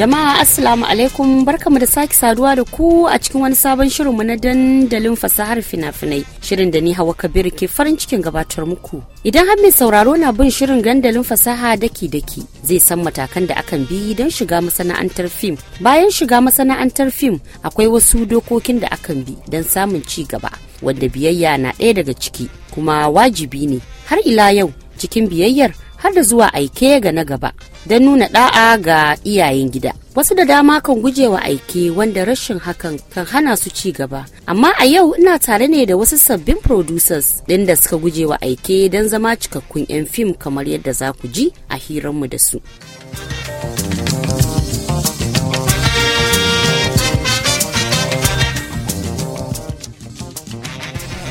Jama'a Assalamu alaikum barkamu da sake saduwa da ku a cikin wani sabon shirinmu na dandalin fasahar fina-finai. Shirin da ni Hawa Kabir ke farin cikin gabatar muku. Idan har mai sauraro na bin shirin dandalin fasaha daki-daki zai san matakan da akan bi don shiga masana'antar fim. Bayan shiga masana'antar fim akwai wasu dokokin da akan bi don samun ci gaba wanda biyayya na ɗaya daga ciki kuma wajibi ne har ila yau cikin biyayyar har da zuwa aike ga na gaba don nuna da'a ga iyayen gida wasu da dama kan gujewa aiki wanda rashin hakan kan hana su ci gaba amma a yau ina tare ne da wasu sabbin producers ɗin da suka gujewa aike don zama cikakkun 'yan fim kamar yadda za ku ji a hiranmu da su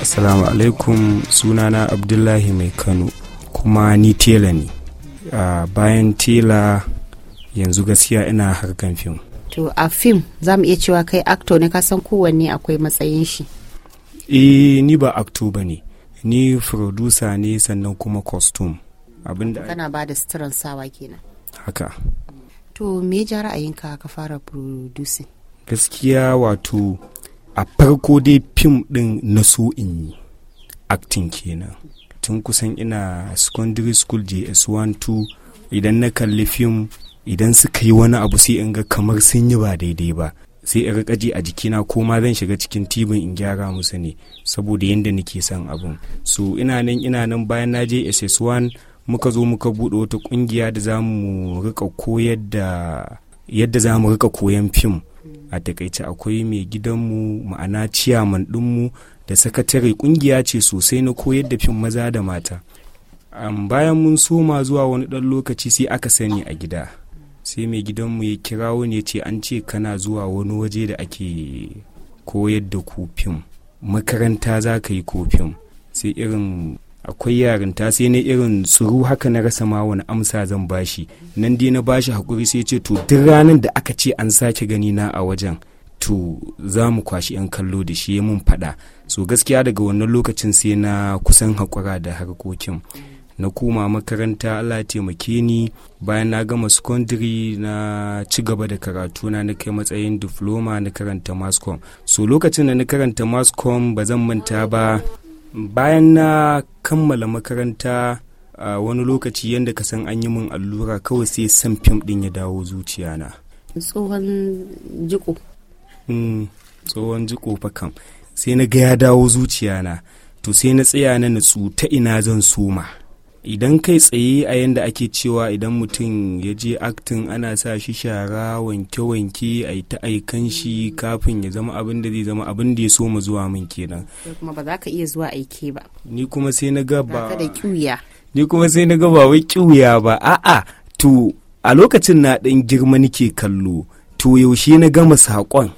Assalamu alaikum sunana Abdullahi Mai Kano kuma ni tela ne. uh, bayan tela yanzu gaskiya ina harkan fim to a fim za mu iya cewa kai actor ne ka san kowanne akwai matsayin shi e ni ba actor ba ne ni producer ne sannan kuma costume abinda kana ba da suturan sawa kenan haka to me ja ra'ayinka ka fara producing gaskiya wato a farko dai fim din na so in yi acting kenan tun kusan ina secondary school js 12 idan na kalli fim idan suka yi wani abu sai in ga kamar sun yi ba daidai ba sai in rikaji a jikina ko ma zan shiga cikin tibin in gyara musu ne saboda yadda nake son abun so ina nan ina nan bayan na je ss1 muka zo muka buɗe wata ƙungiya da za mu rika koyar da yadda za mu rika koyan fim a takaice akwai mai gidanmu ma'ana ciyaman ɗinmu da sakatare kungiya ce sosai na koyar da fim maza da mata bayan mun soma zuwa wani dan lokaci sai aka sani a gida sai mai gidan mu ya kirawo ne ce an ce kana zuwa wani waje da ake koyar da ku fim makaranta za ka yi ko fim sai irin akwai yarinta sai na irin tsuru haka na rasa ma wani amsa zan bashi nan dai na bashi hakuri sai ce to duk ranar da aka ce an sake gani na a wajen to za mu kwashi 'yan kallo da shi mun faɗa so gaskiya daga wannan lokacin sai na kusan haƙura da harkokin na koma makaranta allah taimake ni bayan na gama secondary na ci gaba da karatu na na kai matsayin diploma na karanta mascom so lokacin da na karanta mascom ba zan manta ba bayan na kammala makaranta a wani lokaci yadda ka san an yi min allura kawai sai san fim din ya dawo zuciya na tsohon jiko Hmm, tsohon ji fa kam sai na ga ya dawo zuciya na to sai na tsaya na natsu ta ina zan soma idan kai tsaye a yadda ake cewa idan mutum ya je aktin ana sa shi shara wanke-wanke a yi ta shi kafin ya zama abin da zai zama abin da ya so mu zuwa min kenan kuma ba za ka iya zuwa aiki ba ni kuma sai na gaba ba da ni kuma sai na gaba wai kyuya ba a'a to a lokacin na dan girma nake kallo to yaushe na gama saƙon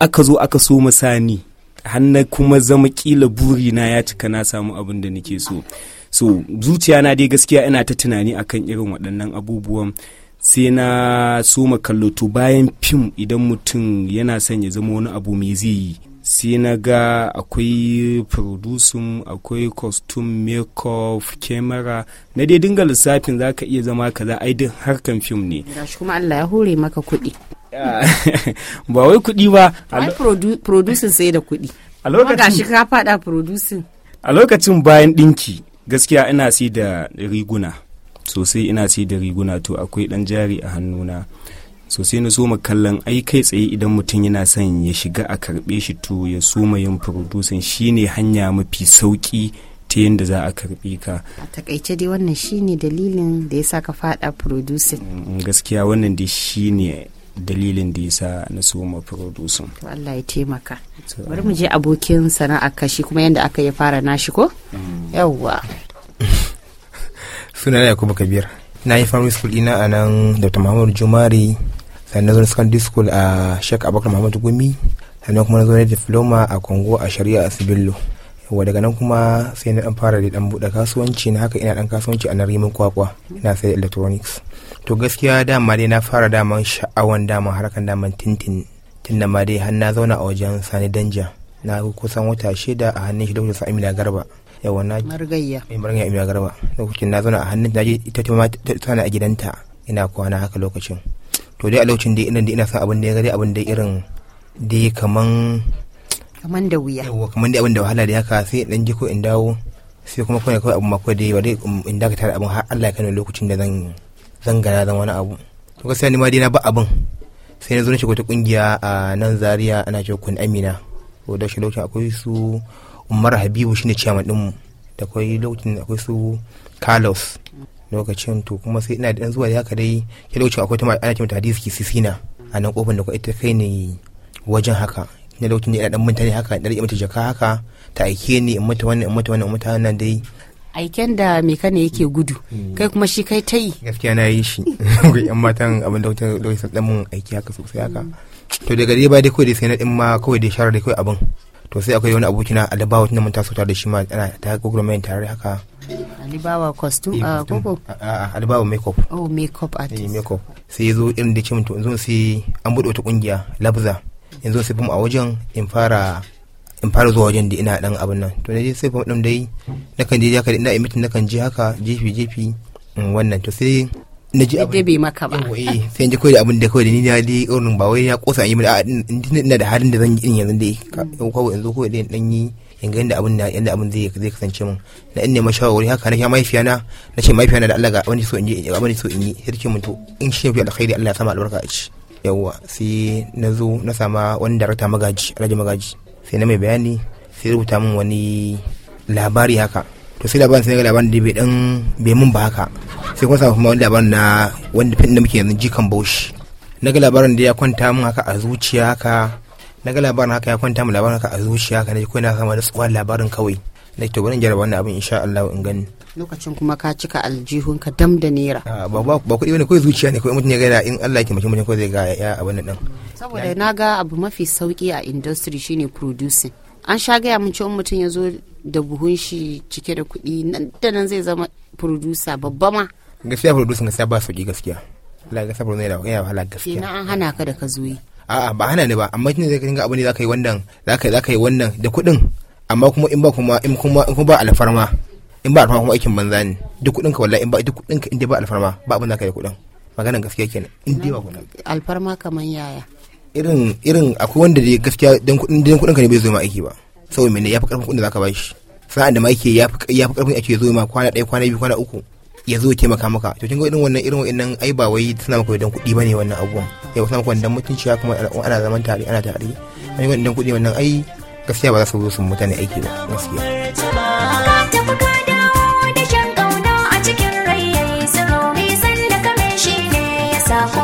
aka zo aka so sani hanna kuma zama kila buri na ya cika na samu abin da nake so so zuciya na dai gaskiya ina ta tunani akan irin waɗannan abubuwan sai na so kallo to bayan fim idan mutum yana son ya zama wani abu mai zai yi sai na ga akwai producing akwai costume makeup camera na dai dinga lissafin za ka iya zama kaza ai duk harkan fim ne gashi kuma Allah ya hore maka kuɗi ba wai kuɗi ba ai producing sai da kuɗi a lokacin gashi ka fada producing a lokacin bayan ɗinki gaskiya ina si da riguna sosai ina si da riguna to akwai ɗan jari a hannuna sosai na soma kallon ai kai tsaye idan mutum yana son ya shiga a karɓe shi to ya soma yin producing shine hanya mafi sauƙi ta yadda za a karɓi ka a takaice dai wannan shine dalilin da ya sa ka fada producing mm, gaskiya wannan dai shine dalilin da yasa na so ma producing Allah ya taimaka bari mu je abokin sana'a kashi kuma yanda aka ya fara nashi ko mm. yawwa suna na yakubu kabir na yi primary school ina a nan dr muhammadu jumari sannan zo secondary school a shek abubakar muhammadu gumi sannan kuma na zo na diploma a Kongo a shari'a a sibillo yawwa daga nan kuma sai na dan fara da dan buɗe kasuwanci na haka ina dan kasuwanci a nan rimin kwakwa ina sai electronics to gaskiya dama dai na fara daman sha'awan daman harkan daman tintin tun da ma dai har na zauna a wajen sani danja na kusan wata shida a hannun shi lokacin sa'imila garba yawa na margayya mai margayya imila garba lokacin na zauna a hannun na je ita ma ta tsana a gidanta ina kwana haka lokacin to dai a lokacin dai ina ina son abin da ya gari abin da irin dai kaman kaman da wuya yawa kaman dai abin da wahala da ya ka sai dan je ko in dawo sai kuma kawai kawai abin ma kawai dai ba dai in dakata da abin har Allah ya kano lokacin da zan zan gana zan wani abu to gaskiya ni ma dai na ba abin sai na zo na shiga wata kungiya a nan zaria ana cewa kun amina to da shi lokacin akwai su umar habibu shine chairman din mu da kai lokacin akwai su carlos lokacin to kuma sai ina dan zuwa da haka dai ke lokacin akwai ta ana cewa hadisi sisina a nan kofar da kuma ita kai ne wajen haka ne lokacin da ina dan mutane haka da yi mata jaka haka ta aike ni in mata wannan in mata wannan in mata wannan dai aiken da me kana yake gudu hmm. kai kuma shi kai ta yi gaskiya na yi shi ga yan matan abin da wata lokacin dan mun aiki haka sosai haka hmm. to daga dai ba dai kawai dai sai na din ma kawai dai share dai kawai abin to sai akwai wani abokina alibawa tunda mun taso tare da shi ma ana ta gogurmayin tare haka alibawa costume eh, ah, a koko a alibawa makeup oh makeup artist eh, makeup sai yazo irin da ce mun to yanzu sai an bude wata kungiya labza yanzu sai bum a wajen in fara in fara zuwa wajen da ina dan abin nan to ne sai bum dan dai nakan je haka ina na kan je haka jefi jefi mm, wannan to sai na ji abin bai maka ba yawa eh, sai je koyi da abin da kawai da ni na dai irin oh, ba wai ya kosa yi mana ina da halin da zan yi yanzu dai kawai yanzu kawai dai dan yi in ga yadda abin yadda abin zai zai kasance mun na in nema shawarwari haka na kira mahaifiya na na ce mahaifiya na da Allah ga wani so in yi abin so in yi sai mun to in shi fi alkhairi Allah ya sama albarka a ci yawa sai na zo na sama wani darakta magaji alhaji magaji sai na mai bayani sai rubuta min wani labari haka to sai labarin sai ga labarin da bai dan bai mun ba haka sai kuma samu wani labarin na wanda fin da muke yanzu jikan baushi na ga labarin da ya kwanta mun haka a zuciya haka na ga labarin haka ya kwanta mun labarin haka a zuciya haka ne ko na kama da tsuwan labarin kawai na to bari jarraba wannan abin insha Allah in gani lokacin kuma ka cika aljihun ka dam da nera ba ba ba kuɗi wani ko zuciya ne ko mutum ya ga in Allah ya kimaki mutum ko zai ga ya abin nan saboda na ga abu mafi sauki a industry shine producing an sha gaya mun cewa mutum ya zo da buhun shi cike da kuɗi nan da nan zai zama producer babba ma gaskiya producer gaskiya ba sauki gaskiya la sabar ne da ya wahala gaskiya ina an hana ka da ka zo yi a'a ba hana ne ba amma kin zai kinga abin da zaka yi wannan zaka zaka yi wannan da kuɗin amma kuma in ba kuma in kuma in kuma ba alfarma in ba alfarma kuma aikin banza ne duk kuɗin ka wallahi in ba duk kuɗin ka in ba alfarma ba abin zaka yi kuɗin maganar gaskiya kenan in dai ba kuɗin alfarma kaman yaya irin irin akwai wanda dai gaskiya dan kudin ka ne bai zo ma aiki ba saboda mene fi karfin kudin da zaka bashi sa'an da ma yake ya fi karfin ake zo ma kwana ɗaya kwana biyu kwana uku ya zo taimaka maka to kin ga irin wannan irin wannan ai ba wai suna maka dan kudi bane wannan abubuwan ba suna maka dan mutunci ya kuma ana zaman tare ana tare ai wannan kuɗi wannan ai gaskiya ba za su zo su mutane aiki ba gaskiya sako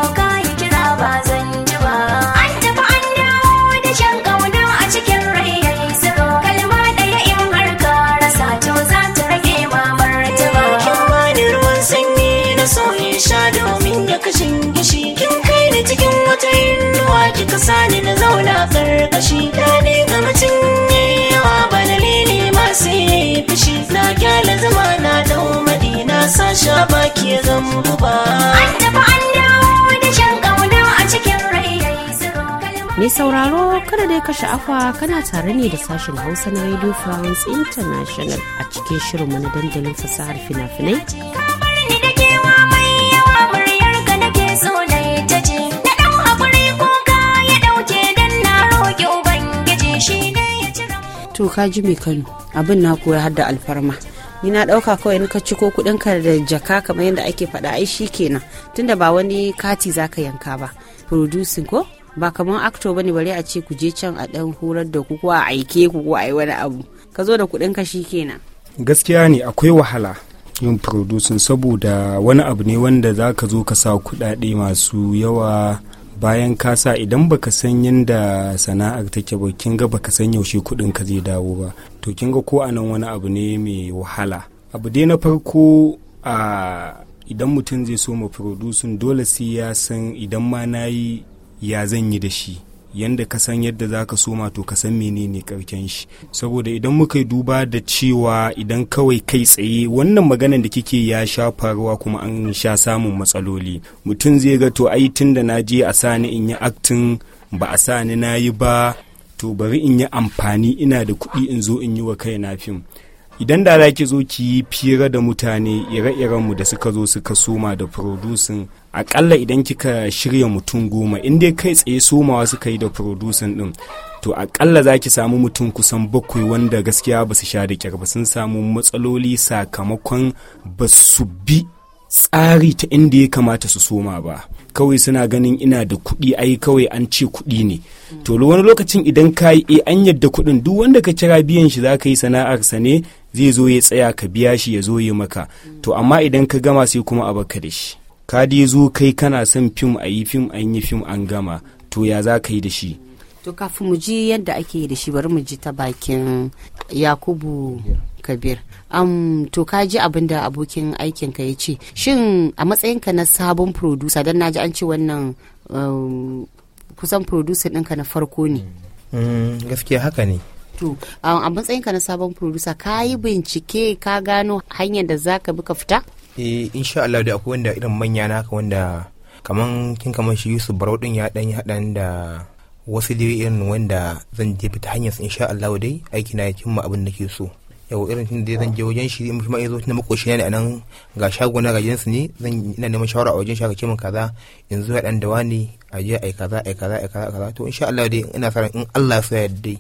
sani na zauna karkashi daɗi ga mutum yayi yawa ba dalili masu yi fushi na kyala zama na dau madina sa sha baki ya zama an tafi an dawo da shan ƙauna a cikin ra'i Mai sauraro kada dai ka sha'afa kana tare ne da sashen Hausa na Radio France International a cikin shirinmu na dandalin fasahar fina-finai. to ka ji mai kano abin na koya har da alfarma ni na dauka kawai in ka ciko kudin ka da jaka kamar yadda ake faɗa ai shi kenan tunda ba wani kati zaka yanka ba producing ko ba kamar actor bane bare a ce ku je can a dan horar da ku ko a aike ku ko a yi wani abu ka zo da kudin ka shi kenan gaskiya ne akwai wahala yin producing saboda wani abu ne wanda zaka zo ka sa kudade masu yawa bayan kasa idan baka san yadda sana'ar take ba kin ga baka san yaushe kuɗin ka zai dawo ba to kin ga ko anan wani abu ne mai wahala abu dai na farko a idan mutum zai so ma producing dole sai ya san idan ma na yi ya zan yi da shi yanda ka san yadda za ka soma to ka san menene karken shi saboda idan muka yi duba da cewa idan kawai kai tsaye wannan maganan da kike ya sha faruwa kuma an sha samun matsaloli mutum zai ga to ai tun da na je a sani in yi aktin ba a sani na yi ba to bari in yi amfani ina da kuɗi in zo in yi wa kai na fim idan da za ki zo ki yi fira da mutane ire iren mu da suka zo suka soma da producing akalla idan kika shirya mutum goma in dai kai tsaye somawa suka yi da producing din to akalla za ki samu mutum kusan bakwai wanda gaskiya ba su sha da kyar ba sun samu matsaloli sakamakon ba su bi tsari ta inda ya kamata su soma ba kawai suna ganin ina da kuɗi ai kawai an ce kuɗi ne to wani lokacin idan ka yi eh, an yadda kuɗin duk wanda ka kira biyan shi za ka yi sana'ar sa ne zai zo ya tsaya ka biya shi ya zo ya maka to amma idan ka gama sai kuma a baka da shi ka dai zo kai kana son fim a yi fim an yi fim an gama to ya za ka yi da shi to kafin mu ji yadda ake da shi bari mu ji ta bakin yakubu kabir um, to ka ji abin da abokin aikinka ya ce shin a matsayinka na sabon producer don naji an ce wannan um, kusan producer ɗinka na farko ne mm, gaskiya haka ne to a matsayinka na sabon producer ka yi bincike ka gano hanyar da za ka bi ka fita eh insha Allah da akwai wanda irin manya na haka wanda kaman kin kaman shi Yusuf Barau din ya dan yi da wasu dai irin wanda zan je ta hanyar in sha Allah dai aiki na ya cimma abin da ke so yau irin tun da zan je wajen shi in ma yazo na makoshi ne anan ga shagon ga jinsu ne zan ina neman shawara a wajen shaka kimin kaza in zuwa dan dawa ne a je ai kaza ai kaza ai kaza kaza to insha Allah dai ina sa in Allah ya sa dai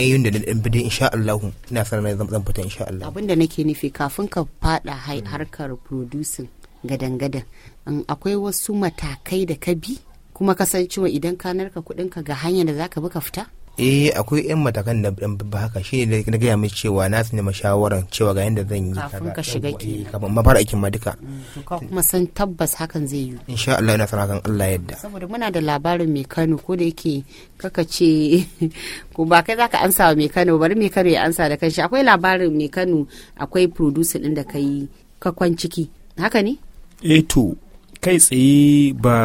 hanyoyin da dan bi dai insha Allah ina sa ran zan fita insha Allah abinda nake nufi kafin ka fada harkar producing gadan-gadan akwai wasu matakai da ka bi kuma kasancewa idan ka narka kuɗinka ga hanyar da ka bi ka fita eh akwai yan matakan da ɗan ba haka shi ne na gaya mai cewa na tsine mashawaran cewa ga yadda zan yi kafin ka shiga eh, ke kafin ma fara aikin ma duka mm, kuma san tabbas hakan zai yi insha Allah ina sana Allah yadda saboda muna da labarin mai Kano ko da yake kaka ce ko ba kai zaka ansa wa mai Kano bari mai Kano ya ansa da kanshi akwai labarin mai Kano akwai producer din da kai ka kwan ciki haka ne eh to kai tsaye ba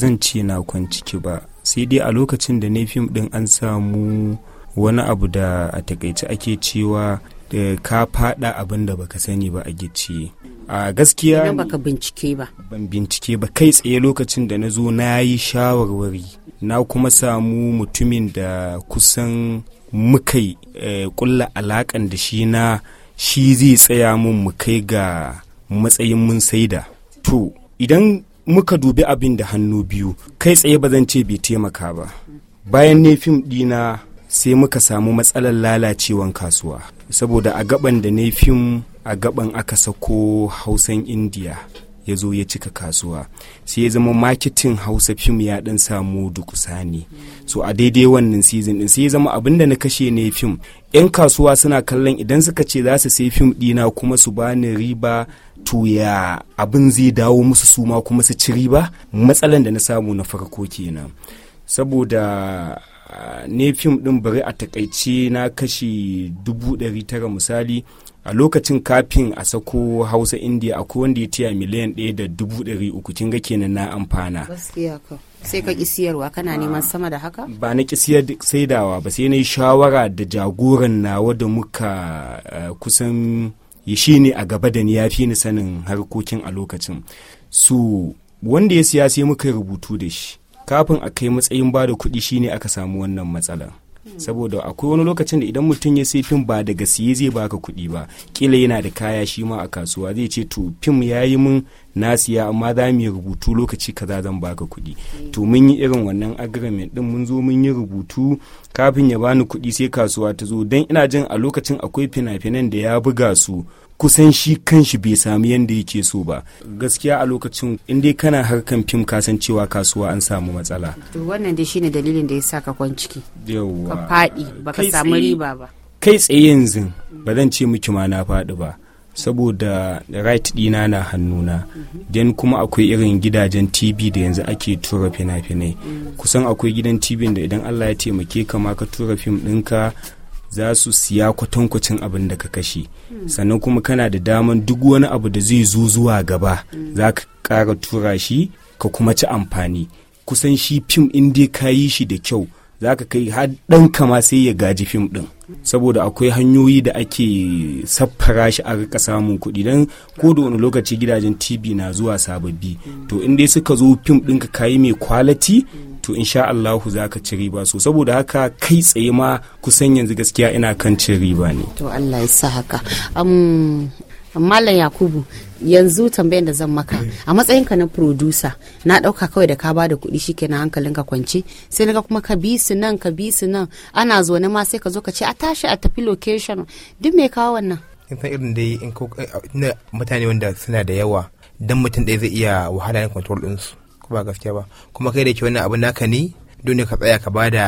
zan ce na kwanciki ba sai dai a lokacin da na fim din an samu wani abu da a takaice ake cewa ka fada abin da baka sani ba a gici a gaskiya baka bincike ba ban bincike ba kai tsaye lokacin da na zo na yi shawarwari na kuma samu mutumin da kusan mukai kulla eh, alakan da shi na shi zai tsaya mun mu kai ga matsayin mun saida to idan muka dubi abin da hannu biyu kai tsaye ba zan ce bai taimaka ba bayan ne fim dina sai muka samu matsalar lalacewan kasuwa saboda a gaban da ne fim a gaban aka sako hausan indiya ya zo ya cika kasuwa sai ya zama marketing hausa fim ya dan samu dukusa sani so a daidai wannan season din sai ya zama abin da na kashe ne fim yan kasuwa suna kallon idan suka ce za su sai fim dina kuma su bani riba to ya abin zai dawo musu suma kuma su ci riba matsalan da na samu na farko kenan saboda Uh, ne fim ɗin bari a takaice na kashe dubu misali a lokacin kafin a sako hausa india akwai wanda ya tiya miliyan ɗaya da dubu ɗari uku kin ga kenan na amfana sai ka siyarwa kana neman sama da haka ba na kisiyar saidawa ba sai na yi shawara da jagoran nawa da muka eh, kusan shi ne a gaba da ni ya fi ni sanin harkokin a lokacin su wanda ya siya sai muka rubutu da shi kafin a kai matsayin ba da kuɗi shine aka samu wannan matsalar saboda akwai wani lokacin da idan mutum ya sai fim ba daga siye zai baka kuɗi ba kila yana da kaya shi ma a kasuwa zai ce to fim ya yi min na siya amma za mu yi rubutu lokaci kaza zan baka kuɗi to mun yi irin wannan agreement din mun zo mun yi rubutu kafin ya bani kuɗi sai kasuwa ta zo don ina jin a lokacin akwai fina-finan da ya buga su kusan shi kanshi bai sami yadda yake so ba gaskiya a lokacin in dai kana harkan fim ka cewa kasuwa an samu matsala to wannan dai shine dalilin da ya sa ka kwan ciki ka fadi baka samu riba ba kai tsaye yanzu ba zan ce miki ma na fadi ba saboda right dina na hannuna den kuma akwai irin gidajen tv da yanzu ake tura fina-finai mm. kusan akwai gidan tv da idan allah ya taimake ka ma ka tura fim ɗinka za su siya kwatankwacin abin da ka kashe sannan kuma kana da daman duk wani abu da zai zo zuwa gaba za ka ƙara tura shi ka kuma ci amfani kusan shi fim in dai ka yi shi da kyau za ka kai har ɗan kama sai ya gaji fim ɗin saboda akwai hanyoyi da ake saffara shi a rika samun kuɗi don ko da wani lokaci gidajen tv na zuwa sababbi to in dai suka zo fim ɗinka kayi mai kwalati to insha Allahu za ka ci riba so saboda haka kai tsaye ma kusan yanzu gaskiya ina kan cin riba ne to Allah ya sa haka Mallam Yakubu yanzu tambayan da zan maka eh. a matsayin ka na producer na dauka kawai da ka bada kuɗi shikenan hankalin ka kwance sai naga kuma ka bisu nan ka bisu nan ana zaune ma sai ka zo ka ce a tashi a tafi location duk me kawo wannan in san irin dai in ko eh, mutane wanda suna da yawa dan mutum ɗaya zai iya wahala ne control ko ba gaskiya ba kuma kai da ke wannan abu naka ne dole ka tsaya ka da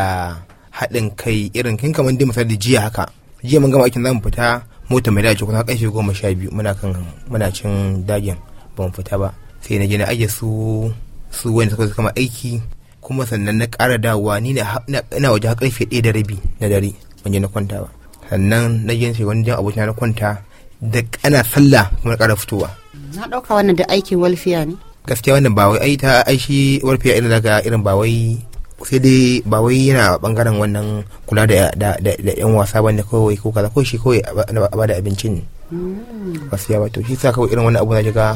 haɗin kai irin kin kamar dai misali jiya haka jiya mun gama aikin zamu fita mota mai dace kuna kan goma sha biyu muna kan muna cin dajin ban fita ba sai na je na aje su su wani suka kama aiki kuma sannan na ƙara dawowa ni na waje har karfe ɗaya da rabi na dare ban je na kwanta ba sannan na je sai wani jan abokin na kwanta da ana sallah kuma na ƙara fitowa. na ɗauka wannan da aikin walfiya ne. gaskiya wannan ba wai ai ta aishi walfiya irin daga irin ba wai sai dai ba wai yana bangaren wannan kula da da yan wasa bane kawai ko kaza ko shi kawai a bada abincin ne gaskiya mm. ba to shi sa kawai irin wannan abu na ga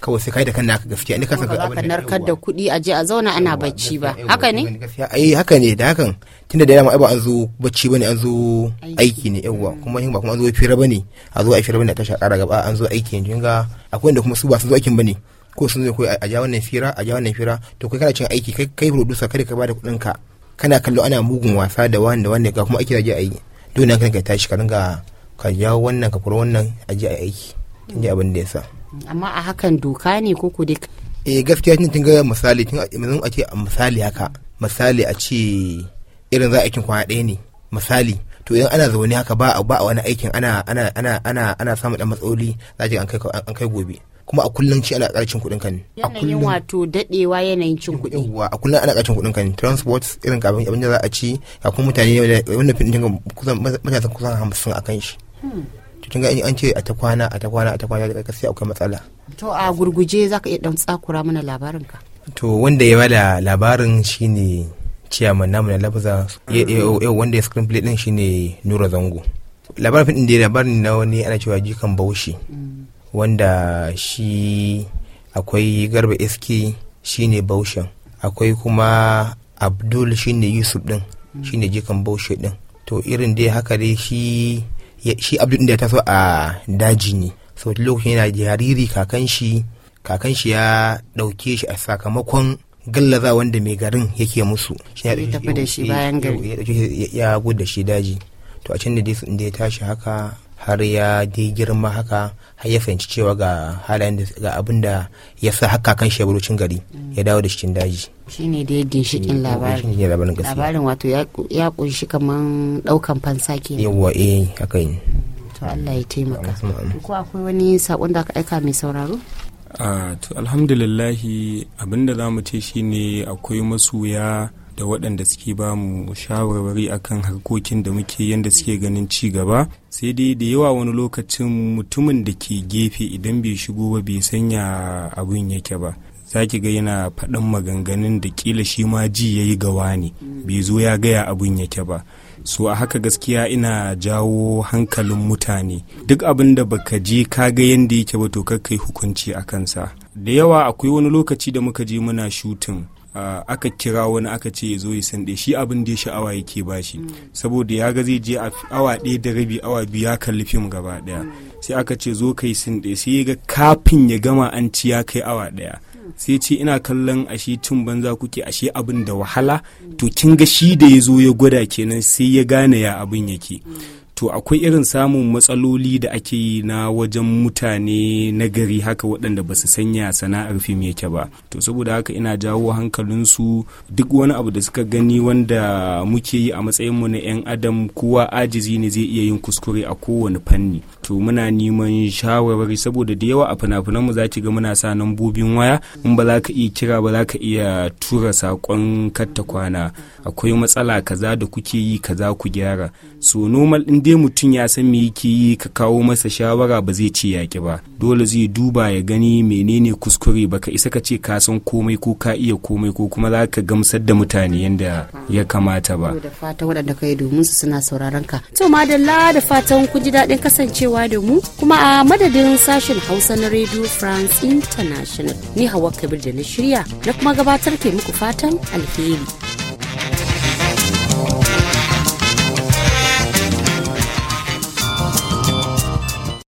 kawai sai kai da kan ka gaskiya ne ka saka abin da narkar da kuɗi a je a zauna ana bacci ba haka ne ai haka ne da hakan tunda da dama ai ba an zo bacci bane an zo aiki ne yawa kuma ba kuma an zo fira bane a zo a fira bane a tashi a ƙara gaba an zo aiki ne kinga akwai wanda kuma su ba su zo aikin bane ko sun zai koyi a ja wannan fira a ja wannan fira to kai kana cin aiki kai kai producer kada ka bada kudin ka kana kallo ana mugun wasa da wanda wanda ga kuma aiki da je a yi dole ne ka tashi ka ringa ka jawo wannan ka kura wannan a ji aiki kin ji abin da ya sa amma a hakan doka ne ko ku duk eh gaskiya tun tun ga misali kin yanzu a misali haka misali a ce irin za a aikin kwana ɗaya ne misali to idan ana zaune haka ba a wani aikin ana ana ana ana ana samun dan matsaloli za an kai an kai gobe kuma a kullum ci ana karcin kuɗin kan. a kullum wato dadewa yanayin cin kuɗi yawa a kullum ana karcin kuɗin kan transport irin kafin abin da za a ci ga kuma mutane wanda fin dinga kusan mutane kusan hamsin a kan shi hmm. to kinga in an ce a ta kwana a ta kwana a ta kwana daga kasi akwai matsala to a gurguje zaka iya dan tsakura mana labarin ka to wanda ya bada labarin shine ciyaman namu na labaza hmm. yau wanda ya screenplay din shine Nura Zango labarin din da labarin na wani ana cewa jikan baushi hmm. wanda shi akwai garba iski shine baushen akwai kuma abdul shine yusuf din shine jikan baushe din to irin dai haka dai shi shi abdul da ya taso a daji ne so lokacin yana jariri kakan shi kakan shi ya dauke shi a sakamakon gallaza wanda mai garin yake musu shi ya tafi da shi bayan gari ya gudu da shi daji to a can da dai ya tashi haka har ya ji girma haka har ya fahimci cewa ga halayen da ga abin da ya sa haka kan shi gari ya dawo da cikin daji shine da ya ginshikin labarin labarin labarin wato ya kunshi kaman daukan fansa ke yawa eh haka yi. to Allah ya taimaka ko akwai wani sakon da aka aika mai sauraro ah, to alhamdulillahi abinda mu ce shine akwai masoya da waɗanda suke ba mu shawarwari akan harkokin da muke yadda suke ganin ci gaba sai dai da yawa wani lokacin mutumin da ke gefe idan bai shigo ba bai sanya abin yake ba za ki ga yana faɗin maganganun da kila shi ma ji ya yi gawa ne bai zo ya gaya abin yake ba so a haka gaskiya ina jawo hankalin mutane duk abin da baka je ka ga yadda yake ba to kai hukunci a kansa da yawa akwai wani lokaci da muka je muna shutin aka kira wani aka ce ya zo ya san shi abin da ya sha'awa yake bashi saboda ya ga zai je awa ɗaya da rabi awa biyu ya kalli fim gaba ɗaya sai aka ce zo kai sin ɗaya sai ya ga kafin ya gama an ci ya kai awa ɗaya sai ce ina kallon ashe cin banza kuke ashe abin da wahala to kin ga shi da ya zo ya gwada kenan sai ya gane ya abin yake to akwai irin samun matsaloli da ake yi na wajen mutane na gari haka waɗanda ba su sanya sana'ar fim yake ba to saboda haka ina jawo hankalinsu duk wani abu da suka gani wanda muke yi a matsayin matsayinmu na 'yan adam kowa ajizi ne zai iya yin kuskure a kowane fanni to muna neman shawarwari saboda da yawa a fina mu za ki ga muna sa lambobin waya in ba za ka iya kira ba za ka iya tura saƙon katta kwana akwai matsala kaza da kuke yi kaza ku gyara so normal in sai mutum ya san me yake yi ka kawo masa shawara ba zai ce yaƙi ba dole zai duba ya gani menene kuskure baka isa ka ce ka san komai ko ka iya komai ko kuma za ka gamsar da mutane yadda ya kamata ba da fatan waɗanda ka yi domin su suna sauraron ka to madalla da fatan ku ji daɗin kasancewa da mu kuma a madadin sashen hausa na radio france international ni hawa kabir da na shirya na kuma gabatar ke muku fatan alheri